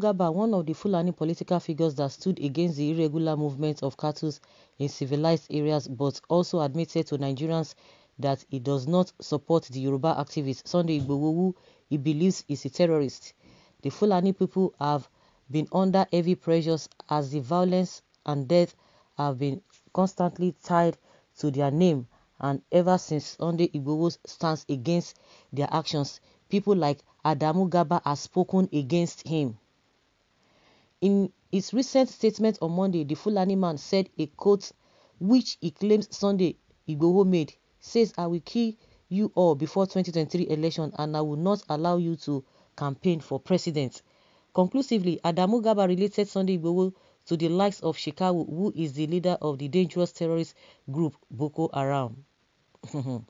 Gaba, one of the Fulani political figures that stood against the irregular movement of cattle in civilized areas but also admitted to Nigerians that he does not support the Yoruba activist Sunday Igboho who he believes is a terrorist. The Fulani people have been under heavy pressures as the violence and death have been constantly tied to their name and ever since Sunday Igboho stands against their actions, people like Adamu Gaba has spoken against him. In his recent statement on Monday, the Fulani man said a quote which he claims Sunday Igboho made says, I will kill you all before 2023 election and I will not allow you to campaign for president. Conclusively, Adamu Gaba related Sunday Igboho to the likes of Chicago, who is the leader of the dangerous terrorist group Boko Haram.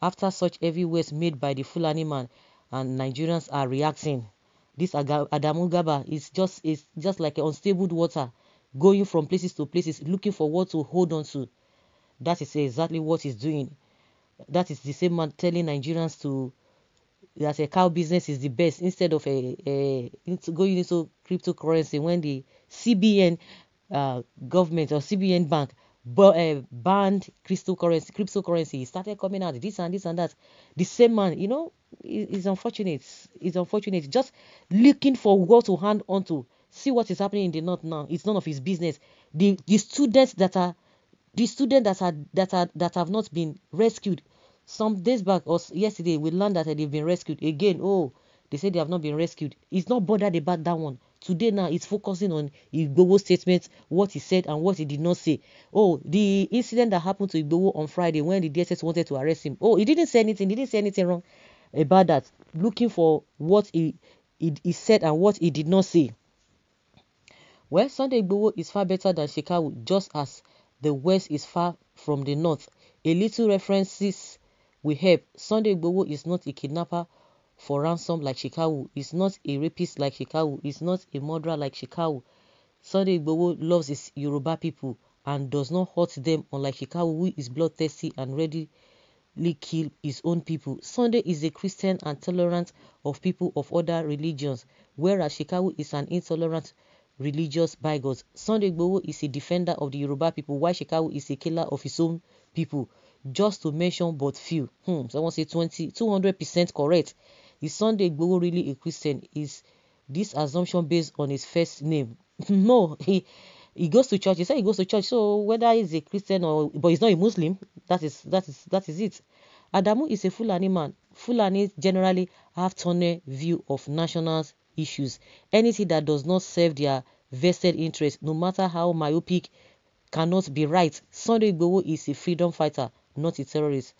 After such heavy words made by the Fulani man, and Nigerians are reacting. This Adamugaba is just is just like unstable water, going from places to places, looking for what to hold on to. That is exactly what he's doing. That is the same man telling Nigerians to that a cow business is the best instead of a, a into going into cryptocurrency when the CBN uh, government or CBN bank Eh, banned cryptocurrency, cryptocurrency. started coming out this and this and that. The same man, you know, is unfortunate. It's unfortunate. Just looking for what to hand on to. See what is happening in the north now. It's none of his business. The the students that are the students that are that are that have not been rescued. Some days back or yesterday, we learned that they've been rescued again. Oh, they say they have not been rescued. It's not bothered about that one. Today now is focusing on Igbowo's statements, what he said and what he did not say. Oh, the incident that happened to Igbo on Friday when the DSS wanted to arrest him. Oh, he didn't say anything. He didn't say anything wrong about that. Looking for what he, he, he said and what he did not say. Well, Sunday Igbowo is far better than Shekau, just as the West is far from the North. A little references will help. Sunday Igbowo is not a kidnapper for ransom like Shikawu. He's not a rapist like Shikawu. He's not a murderer like Shikawu. Sunday Igboho loves his Yoruba people and does not hurt them unlike Shikawu who is bloodthirsty and readily kill his own people. Sunday is a Christian and tolerant of people of other religions, whereas Shikawu is an intolerant religious bigot. Sunday Igboho is a defender of the Yoruba people, while Shikawu is a killer of his own people. Just to mention but few. Hmm, someone say 20, 200% correct. Is Sunday Igboho really a Christian? Is this assumption based on his first name? no, he he goes to church. He said he goes to church. So whether he's a Christian or but he's not a Muslim, that is that is that is it. Adamu is a Fulani man. Fulani generally have tunnel view of national issues. Anything that does not serve their vested interest, no matter how myopic, cannot be right. Sunday Igboho is a freedom fighter, not a terrorist.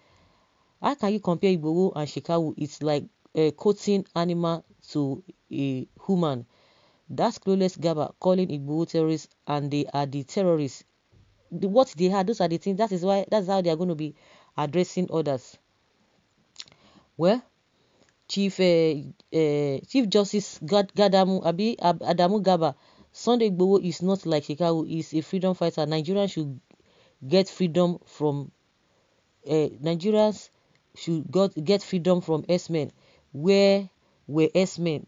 How can you compare Igboho and Shekawu? It's like uh, quoting animal to a human. That's clueless Gaba calling Igbo terrorists, and they are the terrorists. The, what they are, those are the things. That is why. That's how they are going to be addressing others. Well, Chief uh, uh, Chief Justice God Gadamu Abi Adamu Gaba, Sunday Igbo is not like Chicago. Is a freedom fighter. Nigerians should get freedom from. Uh, Nigerians should got, get freedom from S-men. Where were men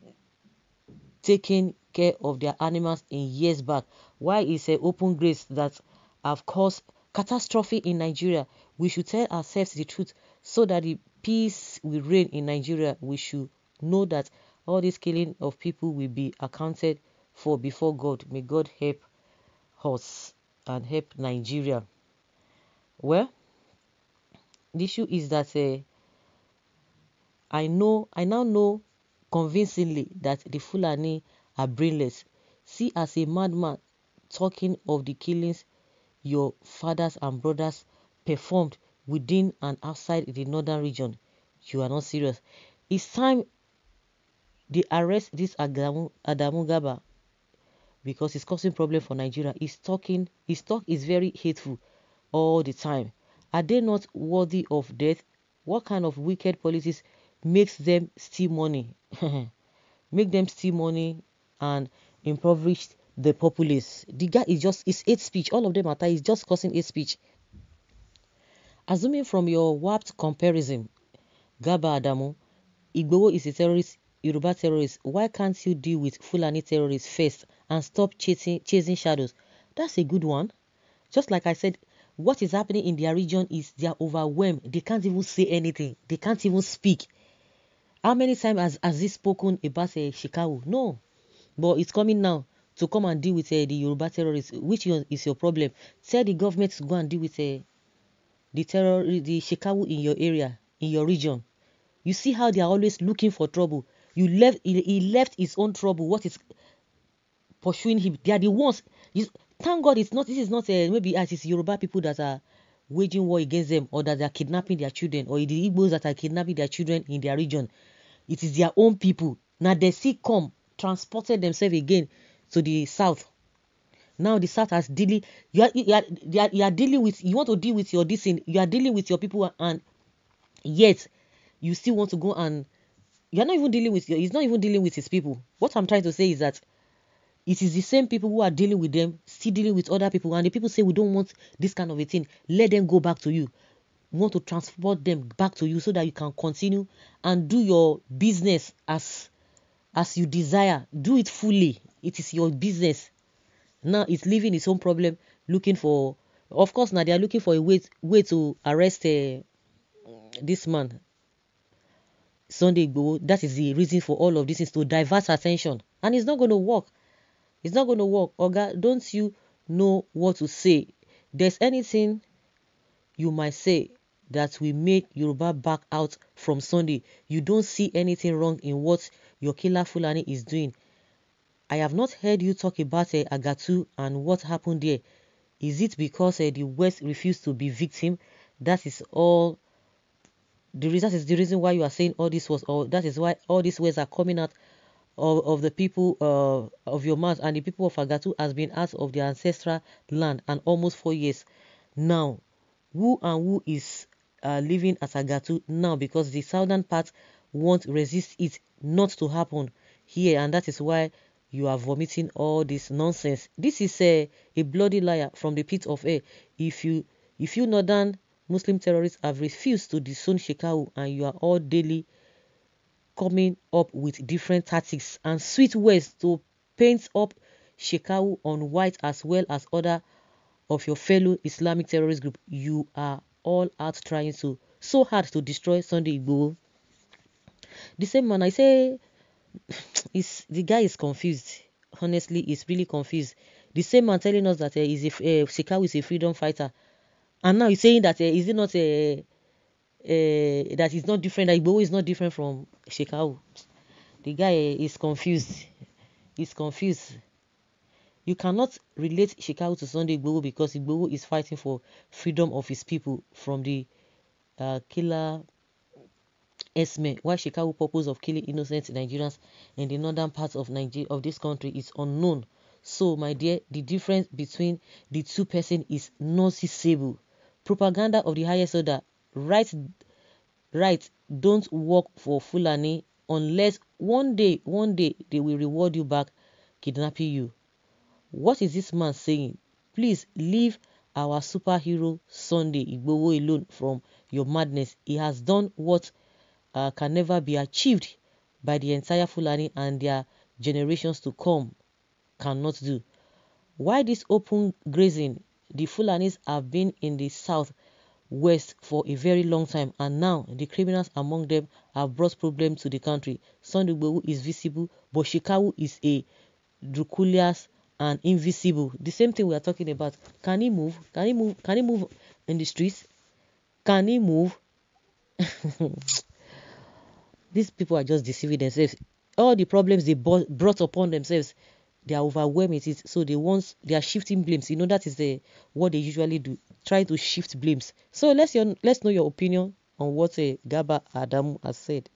taking care of their animals in years back? Why is an open grace that have caused catastrophe in Nigeria? We should tell ourselves the truth so that the peace will reign in Nigeria. We should know that all this killing of people will be accounted for before God. May God help us and help Nigeria. Well, the issue is that uh, I know I now know convincingly that the Fulani are brainless. See as a madman talking of the killings your fathers and brothers performed within and outside the northern region. You are not serious. It's time they arrest this Adamu, Adamu Gaba because it's causing problem for Nigeria. He's talking, his talk is very hateful all the time. Are they not worthy of death? What kind of wicked policies makes them steal money, make them steal money and impoverish the populace. The guy is just it's hate speech. All of them are tied. He's just causing hate speech. Assuming from your warped comparison, Gaba Adamu, Igbo is a terrorist, Yoruba terrorist. Why can't you deal with Fulani terrorists first and stop chasing chasing shadows? That's a good one. Just like I said, what is happening in their region is they are overwhelmed. They can't even say anything. They can't even speak. How many times has, has he spoken about uh, eh, Chicago? No. But it's coming now to come and deal with uh, the Yoruba terrorists, which is your problem. Tell the government to go and deal with uh, the terror, the Chicago in your area, in your region. You see how they are always looking for trouble. You left, he left his own trouble. What is pursuing him? They are the ones. You, thank God, it's not. This is not uh, maybe as it's Yoruba people that are waging war against them or that they are kidnapping their children or the Igbos that are kidnapping their children in their region. It is their own people. Now they see, come, transported themselves again to the south. Now the south has dealing. You are, you, are, you are dealing with. You want to deal with your disin, You are dealing with your people, and yet you still want to go and you are not even dealing with. Your, he's not even dealing with his people. What I'm trying to say is that it is the same people who are dealing with them still dealing with other people and the people say we don't want this kind of a thing let them go back to you we want to transport them back to you so that you can continue and do your business as as you desire do it fully it is your business now it's leaving its own problem looking for of course now they are looking for a way way to arrest uh, this man sunday go. that is the reason for all of this is to divert attention and it's not going to work it's not going to work. Oga, don't you know what to say? There's anything you might say that will make Yoruba back out from Sunday. You don't see anything wrong in what your killer Fulani is doing. I have not heard you talk about uh, Agatu and what happened there. Is it because uh, the West refused to be victim? That is all. The reason is the reason why you are saying all this was all. That is why all these words are coming out of, of the people uh, of your mouth and the people of Agatu has been out of their ancestral land and almost four years. Now, who and who is uh, living at Agatu now because the southern part won't resist it not to happen here and that is why you are vomiting all this nonsense. This is a, a bloody liar from the pit of air. If you if you northern Muslim terrorists have refused to disown Shekau and you are all daily coming up with different tactics and sweet ways to paint up Shekau on white as well as other of your fellow Islamic terrorist group. You are all out trying to so hard to destroy Sunday Igbo. The same man I say is the guy is confused. Honestly, he's really confused. The same man telling us that uh, is a uh, Shekau is a freedom fighter, and now he's saying that uh, is it not a uh, uh, that is not different. That Igbo is not different from Shekau. The guy is confused. He's confused. You cannot relate Shekau to Sunday Igbo because Igbo is fighting for freedom of his people from the uh, killer Esme. Why Shekau purpose of killing innocent Nigerians in the northern parts of Nigeria of this country is unknown. So, my dear, the difference between the two persons is noticeable. Propaganda of the highest order Right, right don't work for Fulani unless one day, one day they will reward you back kidnapping you. What is this man saying? Please leave our superhero Sunday Igbowo alone from your madness. He has done what uh, can never be achieved by the entire Fulani and their generations to come cannot do. Why this open grazing? The Fulanis have been in the south West for a very long time, and now the criminals among them have brought problems to the country. Sandugbowu is visible, but Shikawu is a Drukulias and invisible. The same thing we are talking about. Can he move? Can he move? Can he move in the streets? Can he move? These people are just deceiving themselves. All the problems they brought upon themselves, they are overwhelmed, so they want they are shifting blames you know that is the what they usually do try to shift blames so let's your let's know your opinion on what uh, gaba Adamu has said